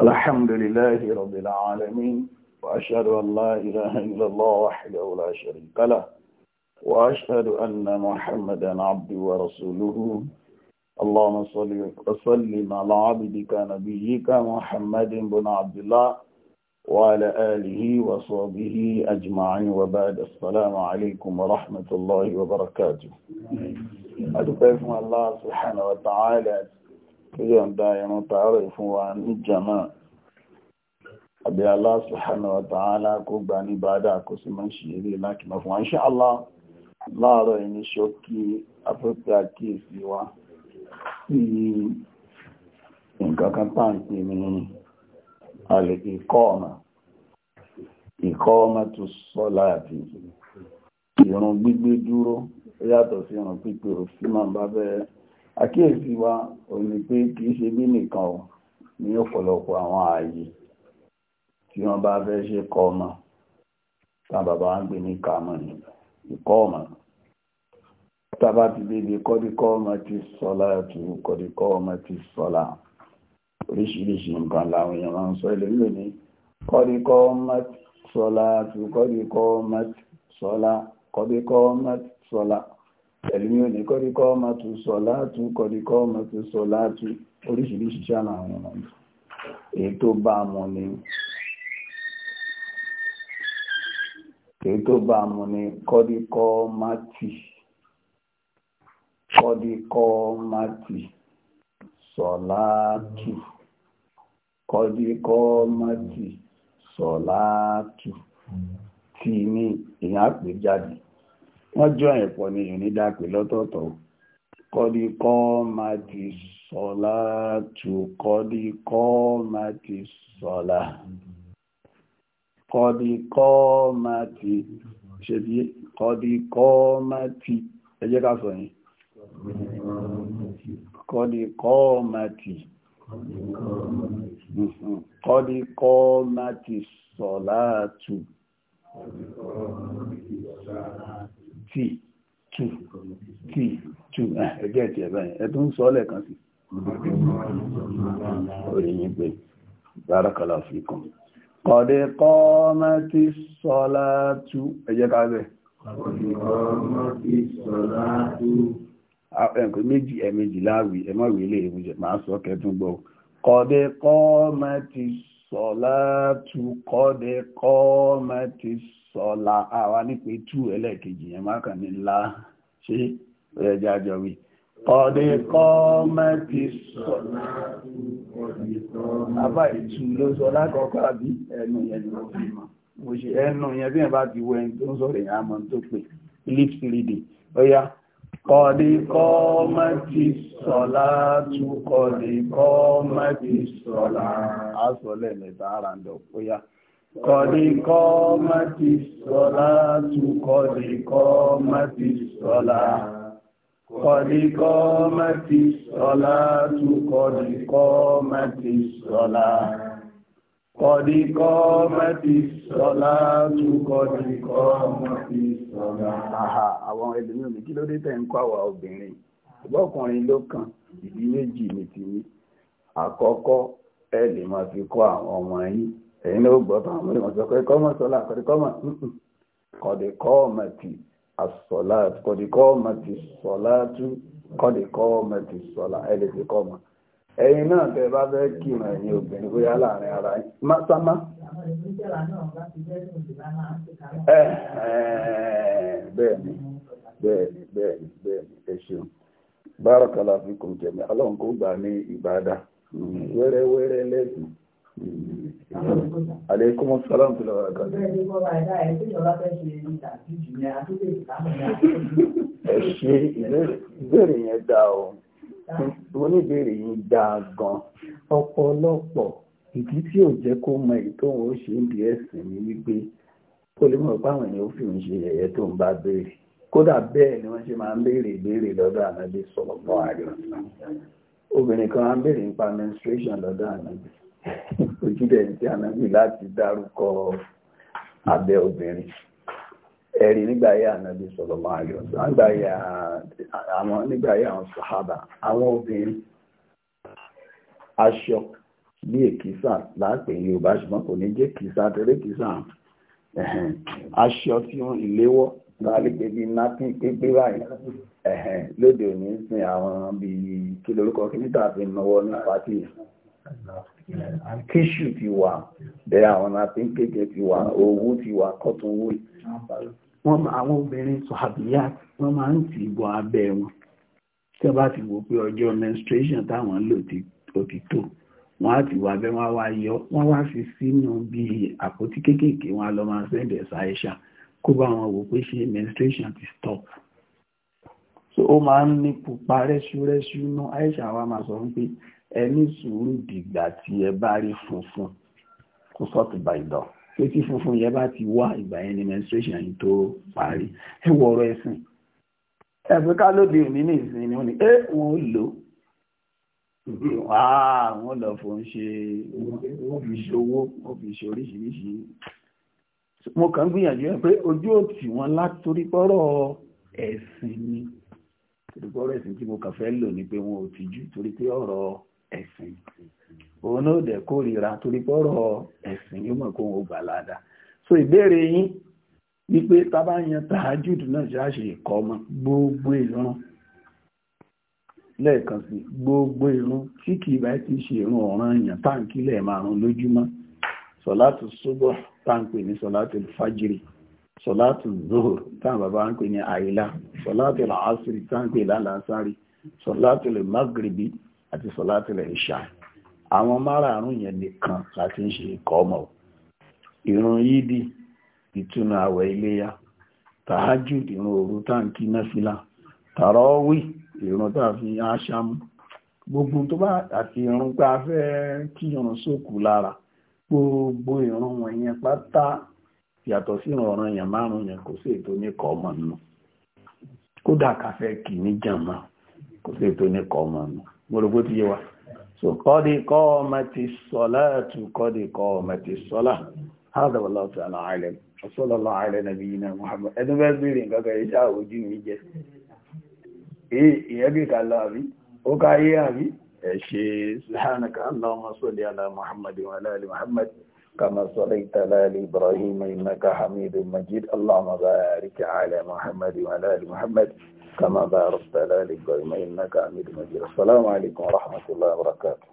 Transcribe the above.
الحمد لله رب العالمين وأشهد أن لا إله إلا الله وحده لا شريك له وأشهد أن محمدا عبده ورسوله اللهم صل وسلم على عبدك نبيك محمد بن عبد الله وعلى آله وصحبه أجمعين وبعد السلام عليكم ورحمة الله وبركاته أدعوكم الله سبحانه وتعالى yọ̀ǹda ẹran tààrọ̀ fún wa ní jama àbí Allah subhanahu wa ta'ala ní bàdà kó máa ṣe eré láti fún wa insha Allah láàárọ̀ ẹni ṣókí afẹ́fẹ́ àkíyèsí wa sí nǹkan táǹkì ní gbígbé dúró yàtọ̀ sí àkíyèsí wa ò ní pé kì í ṣe bí nìkan o ní ọ̀pọ̀lọpọ̀ àwọn ààyè tí wọ́n bá fẹ́ ṣe kọ́ ọmọ tá bàbá ń gbé ní kàmọ́ ní ìkọ́ ọmọ tábà ti débi kọ́díkọ́ ọmọ ti sọ́lá tu kọ́díkọ́ ọmọ ti sọ́lá oríṣiríṣi nǹkan làwọn èèyàn máa ń sọ ilé ìlú ní kọ́díkọ́ ọmọ ti sọ́lá tu kọ́díkọ́ ọmọ ti sọ́lá kọ́díkọ́ ọmọ ti sọ́lá ẹ̀lùmí ò ní kọ́díkọ́ ọmọ tó sọ látú kọ́díkọ́ ọmọ tó sọ látú oríṣiríṣi ṣáàlà àwọn ọmọ èyí tó bá mu ni èyí tó bá mu ni kọ́díkọ́ mátì kọ́díkọ́ mátì sọ látú kọ́díkọ́ mátì sọ látú tí ní ìyá jáde wọ́n jọ ẹ̀pọ̀ ni ìrìn dàpé lọ́tọ̀ọ̀tọ̀ kọ́dí kọ́ máa ti sọ̀lá tù kọ́dí kọ́ máa ti sọ̀lá kọ́dí kọ́ máa ti ṣe bí kọ́dí máa ti ẹ jẹ́ ká sọ yìí kọ́dí máa ti kọ́dí máa ti sọ̀lá tù. Kọ́dí máa ti sọ̀lá tù t two t two ẹgbẹ́ ẹ̀tì ẹ̀bá yẹn ẹ̀ tó ń sọ ọ́ lẹ́ẹ̀kan sí oríyìn pé bárakàlá fi kàn kọ̀dé kọ́ mẹ́tì sọ́lá tú ẹjẹ́ ká bẹ̀. kọ̀dé kọ́ mẹ́tì sọ́lá tú ẹ̀kọ́ méjì ẹ̀mejì láàwì ẹ̀mọ́wì ilé ìwújẹ̀ máa kọ́ mẹ́tì sọ́lá tú kọ́dé kọ́ mẹ́tì sọ́lá sọ la àwa nípe tú ẹlẹ́ẹ̀kejì yẹn má kàn ní la ṣé ẹ̀jẹ̀ àjọ wí. Kọ̀dé kọ́ mẹ́tì sọ̀nà àbá ìtù ló sọ lákọ̀ọ́kọ́ àbí ẹnu yẹn ni mo fi mọ̀. Mo ṣe ẹnu yẹn bí ẹ bá ti wọ ẹni tó ń sọ̀rọ̀ yẹn àmọ́ tó pè lips reading. Ó kọ̀dé kọ́ mẹ́tì sọ̀lá tú kọ̀dé kọ́ mẹ́tì sọ̀lá. Á sọ lẹ́ẹ̀mẹ́ta ara ń dọ̀ ó kọ̀díkọ́ mẹ́tì sọ́lá tù kọ̀díkọ́ mẹ́tì sọ́lá kọ̀díkọ́ mẹ́tì sọ́lá tù kọ̀díkọ́ mẹ́tì sọ́lá kọ̀díkọ́ mẹ́tì sọ́lá tù kọ̀díkọ́ mẹ́tì sọ́lá. Aha àwọn ẹlòmíràn mi kí ló dé tẹ̀ ń kọ́ àwa obìnrin ọgbọ́kùnrin ló kàn ìdí méjì ní tìyí àkọ́kọ́ ẹ lè máa fi kọ́ àwọn ọmọ yín. ẹ̀yin náà gbọ́ tó àwọn ìmọ̀ sọ pé kọ́mọ̀ sọ́lá kọ́dí kọ́mọ̀ mm, mm. kọ́dí kọ́mọ̀ ti àsọ̀lá kọ́dí kọ́mọ̀ ti sọ̀lá tú kọ́dí kọ́mọ̀ ti sọ̀lá ẹ̀ lè fi ẹ̀yin náà tẹ bá fẹ́ kírun ẹ̀yin obìnrin bóyá láàrin ara sámá bẹ́ẹ̀ni bẹ́ẹ̀ni bẹ́ẹ̀ni bẹ́ẹ̀ni ẹ ṣeun bárakàlà fi jẹ̀mí gbà ní wẹ́rẹ́wẹ́rẹ́ lẹ́sìn Àlékún mọ́ sọ́lá ìpínlẹ̀ ọ̀rọ̀ kan. Ẹ ṣe ìbéèrè yẹn dá o. Oníbéèrè tí ò jẹ́ kó mọ ni wípé kó lè mọ̀ páwọn èèyàn fi ń ṣe yẹ̀yẹ́ tó Kódà bẹ́ẹ̀ ni wọ́n ṣe máa ń béèrè ìbéèrè lọ́dọ̀ ànábì sọ̀rọ̀ mọ́ àríwá. Obìnrin kan á béèrè nípa menstruation lọ́dọ̀ ànábì ojú rẹ̀ ń tẹ́ ànábì láti dárúkọ abẹ́ obìnrin ẹ̀rí nígbà yà ànábì sallallahu alaihi wasallam nígbà yà àwọn sàhábà àwọn obìnrin aṣọ bí èkìsà láàpẹ̀ yorùbá ṣùgbọ́n kò ní jẹ́ kìsà tẹ́lẹ̀ kìsà aṣọ tí wọ́n ìléwọ́ láàrín bí nápí pépé báyìí lóde òní sin àwọn bíi kí lórúkọ kí níta fi náwó ní pàtí alkeshu ti wà bẹ́ẹ̀ àwọn àfin kéèké ti wà owó ti wà kọ́tún owó wọ́n àwọn obìnrin sọ̀hàbíyá wọ́n máa ń ti ìbọn abẹ́ wọn tí wọ́n bá ti wò pé ọjọ́ menstruation táwọn lò ti tó wọ́n á ti wà bẹ́ẹ̀ wọ́n á wá yọ wọ́n wá fi sínú bí àpótí kéékèèké wọn lọ máa sẹ́ndẹ̀ ṣàìṣà kó bá wọn wò pé ṣe menstruation ti stop so ó máa ń ní pupa rẹ́ṣúrẹ́ṣú náà àìṣà wa máa sọ wípé ẹ ní sùúrù dìgbà tí ẹ bá rí funfun kó sọ́ọ̀tù bá ìdọ̀ pé tí funfun yẹn bá ti wá ìgbà yẹn ni menstruation yìí tó parí ẹ wọ ọ̀rọ̀ ẹ̀sìn ẹ̀fẹ́ ká lóde òní ní ìsìn ni wọ́n ní ẹ wọ́n lò wọ́n lọ fún ṣe wọ́n fi ṣòwò wọ́n fi ṣe oríṣiríṣi mo kàn gbìyànjú ẹ pé ojú ò tì látorí pọ́rọ̀ ẹ̀sìn ni torí pọ́rọ̀ ẹ̀sìn tí mo kàn fẹ́ lò ní pé wọn ò tìjú torí pé ọ̀rọ̀ ẹ̀sìn òun náà dẹ̀ kórìíra torí pọ́rọ̀ ẹ̀sìn yóò mọ̀ kó wọn gbà ládàá so ìbéèrè yín wípé tábà yan tahajud náà ṣáàṣì ìkọ́ ọmọ gbogbo ìran lẹ́ẹ̀kan sí gbogbo ìrun tí kì í bá ti ṣe ìrun ọ̀ràn èèyàn táǹkì lẹ́ẹ̀márùn lójúmọ́ sọ̀látù ní sọ̀látù sọ̀látù zohor bàbá ń pè ní sọ̀látù lálàásárì sọ̀látù àti sọ̀látìlẹ̀ ìṣà àwọn márààrún yẹn nìkan láti ń ṣe ikọ̀ ọmọ ìrun yídì ìtúnu àwẹ̀ iléyà tàájù ìrun òru táǹkì náfìlà tàrọ́wì ìrun tá a fi aṣámú gbogbo tó bá àti ìrun pé a fẹ́ kí ìrun sókù lára gbogbo ìrun wọ̀nyẹn pátá yàtọ̀ sí ọ̀ràn yẹn márùn yẹn kò sí ètò oníkọ̀ ọmọ nù kódà ká kì í níjàmá kò sí ètò oníkọ̀ ọmọ nù. مولوغوتي يوا سو قد قامت الصلاه قد قامت الصلاه هذا والله تعالى اعلم صلى الله على نبينا محمد ادو بيري غاغا يجا وجي ميجي اي يبي قال ابي او كاي ابي شي سبحانك اللهم صل على محمد وعلى ال محمد كما صليت على ابراهيم انك حميد مجيد اللهم بارك على محمد وعلى ال محمد كما باركت ذلك ال انك حميد مجيد السلام عليكم ورحمه الله وبركاته